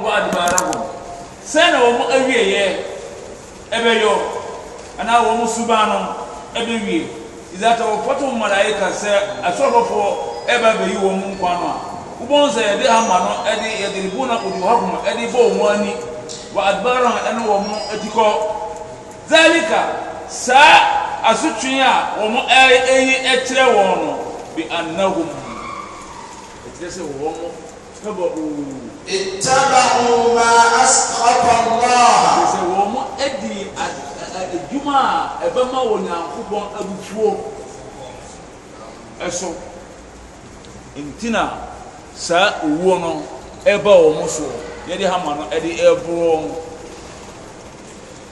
ngu adibaara wɔm sɛna wɔn awieɛ ɛbɛyɔ anaa wɔn suban no ɛbɛwie ìdàtà wɔfɔtò mmalayika sɛ asɔrɔfoɔ ɛbɛ wɔn nkwa no a sɛ yɛde ama no ɛde yɛde ribu na hɔ ɛde bɔ wɔn ani wɔ ɛne wɔn ittaba'u ma asqata Allah. sɛ wɔn mo adi adwuma a ɛbɛma wɔ nyankopɔn abufuo ɛso ntina saa owuo no ɛba wɔn so yɛde hama no ɛde ɛboro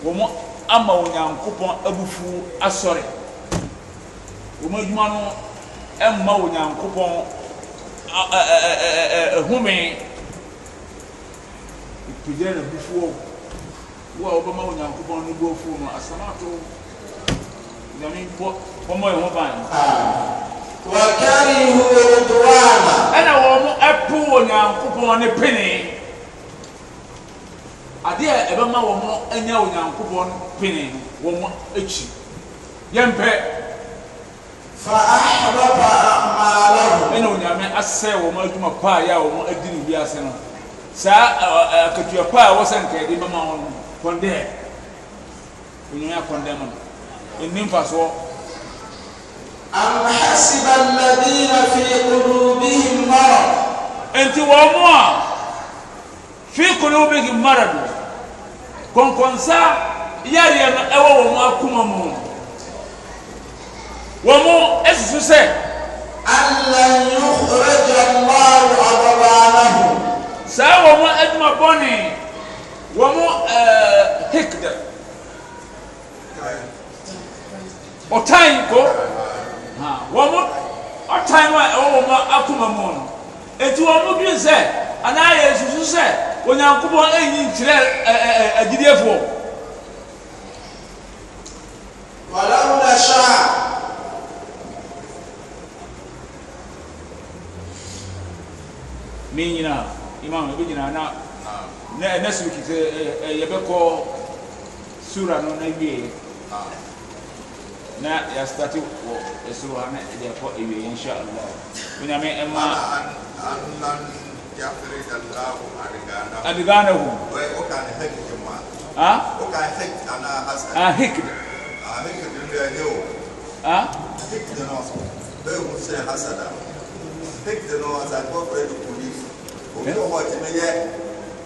wɔn ama wɔ nyankopɔn abufu asɔre wɔn adwuma no ɛmma wɔ nyankopɔn ɛɛ ɛɛ ɛɛ ɛhome pagya na bufuo wo a wobɛma onyankopɔn no bu afuo no asamato nyame bɔ wɔmmɔ yɛ ho ban wakarihu ɛna wɔn mo ɛpo onyankopɔn ne pene adeɛ a ɛbɛma wɔn mo anya onyankopɔn pene no mo akyi yɛmpɛ fa ahbaba amalahu asɛe wɔn adwuma pa a yɛ a wɔn adi ne wiase no saa akatua pa a wɔsɛ nkaeɛde bɛma wɔn no kɔndɛɛ onyame akɔndɛɛ ma no ɛnni mfasoɔ أم حسب الذين في قلوبهم مرض أنت وموا في قلوبهم مرض kɔnkɔnsa yareɛ no ɛwɔ wɔn akoma mu wɔn ɛsusu sɛ allan yukhraja Allahu adghanahum saa wɔn adwuma bɔne wɔn hikda ɔtan ko wɔn ɔtan no a ɛwɔ wɔn akoma mu no eti wɔn dwi sɛ anaa yɛ susu sɛ onyankopɔn ayi nkyerɛ ɛɛ ɛgyidiɛfoɔ. ne nyinaa imam ebi nyinaa na na ɛnɛ so ki sɛ ɛ yɛbɛkɔ sura no na wie na yɛasitati wɔ ɛsoro ha na ɛde akɔ ewie insha allah onyame ɛma adigana hu ha ah? ah hikd ah hikd no bɛ hun sɛ hasada hikd no asa ah wɔ hɔ ti mi yɛ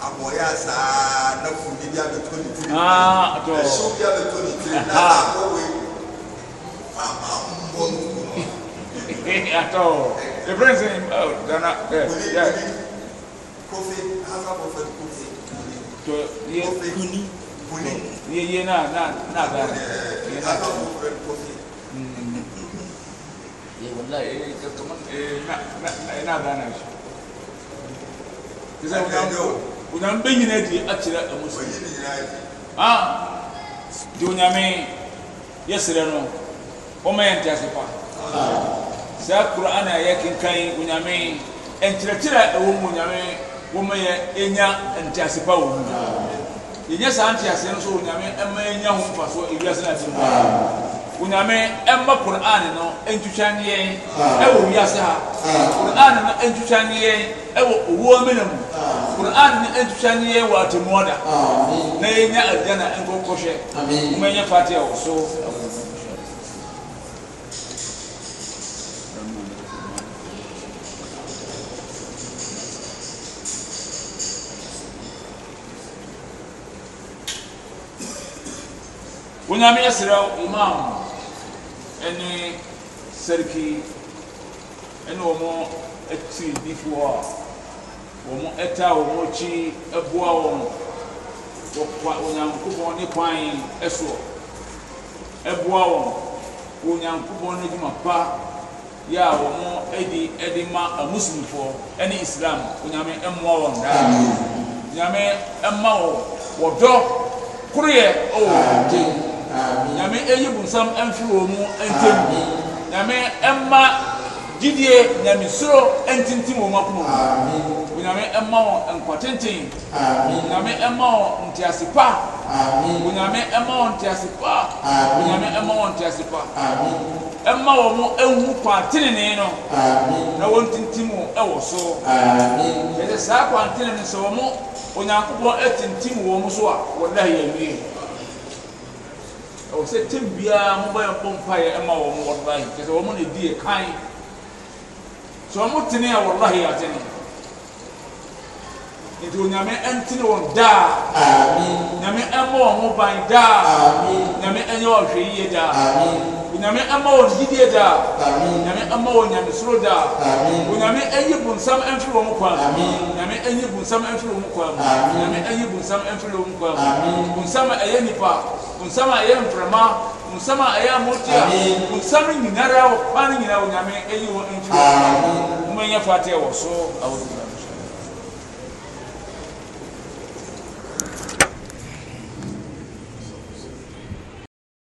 abɔyɛ asaa na funu bi abɛtɔ ne tiri wonam bɛ nyina adi akyerɛ amusu a de onyame yɛserɛ no ɔma yɛ ntease pa ah. saa kur'an a yɛkenkan onyame nkyerɛkyerɛ a ɛwɔ mu onyame wɔma yɛ ɛnya ntease pa wɔ mu yɛnyɛ ah. saa ntease no so onyame ɛma yɛnya ho mfasoɔ ewiase no ati ah. mu onyame ɛmma quran no ntwitwa ne yɛn ah. ɛwɔ wiase ha ah. quran no ntwitwa ne yɛn ɛwɔ owuo mena mu ah. quran no ntwitwa ne yɛn wɔ atemmuada na yɛnya agyana nkɔkɔhwɛ womɛnyɛ fate a wɔ so onyame yɛserɛ imam ɛne seriki ɛne wɔn atiridifoɔ a wɔn ɛta wɔn akyi ɛboa wɔn wɔkwa onyankopɔn ne kwan ɛsoɔ ɛboa wɔn onyankopɔn ne dwuma pa yɛ a wɔn ɛdi ɛdi ma amusumifoɔ ɛne islam onyame ɛmoa wɔn daa onyame ɛma wɔn oh, wɔdɔ koroyɛ ɛwɔ wɔn nkyɛn nyame eyi bunsam ɛnfiri wɔn mu ɛntɛm nyame ɛma gyidie nyame soro ɛntintim wɔn akoma mu nyame ɛma wɔn nkɔtenten nyame ɛma wɔn nteasepa nyame ɛma wɔn nteasepa nyame ɛma wɔn nteasepa ɛma wɔn ehu kwan no na wɔn tintim ɛwɔ so yɛde saa kwan tenenee sɛ wɔn onyankopɔn ɛtintim wɔn so a wɔn da yɛ wie ɛwɔ sɛ tɛm biara mobɛ yɛ bɔ mpaeɛ ɛma wɔn wɔlahi kyɛ sɛ wɔn na di yɛ kan sɛ wɔn tene a wɔlahi atene nti onyame ɛntene wɔn daa nyame ɛmmɔ wɔn ho ban daa nyame ɛnyɛ ɔhwɛ yie daa onyame ɛmmɔ wɔn yidie daa nyame ɛmmɔ wɔn nyamesoro daa onyame ɛyi bunsam ɛmfiri wɔn kwan mu nyame ɛyi bunsam ɛmfiri wɔn kwan mu nyame ɛyi bunsam ɛmfiri wɔn kwan bunsam a ɛyɛ nipa bunsam a ɛyɛ mframa bunsam a ɛyɛ amotia bunsam nyinara wɔn kwan nyinaa onyame ɛyi wɔn ɛmfiri wɔn kwan mu wɔn nyɛ fateɛ wɔ so awɔ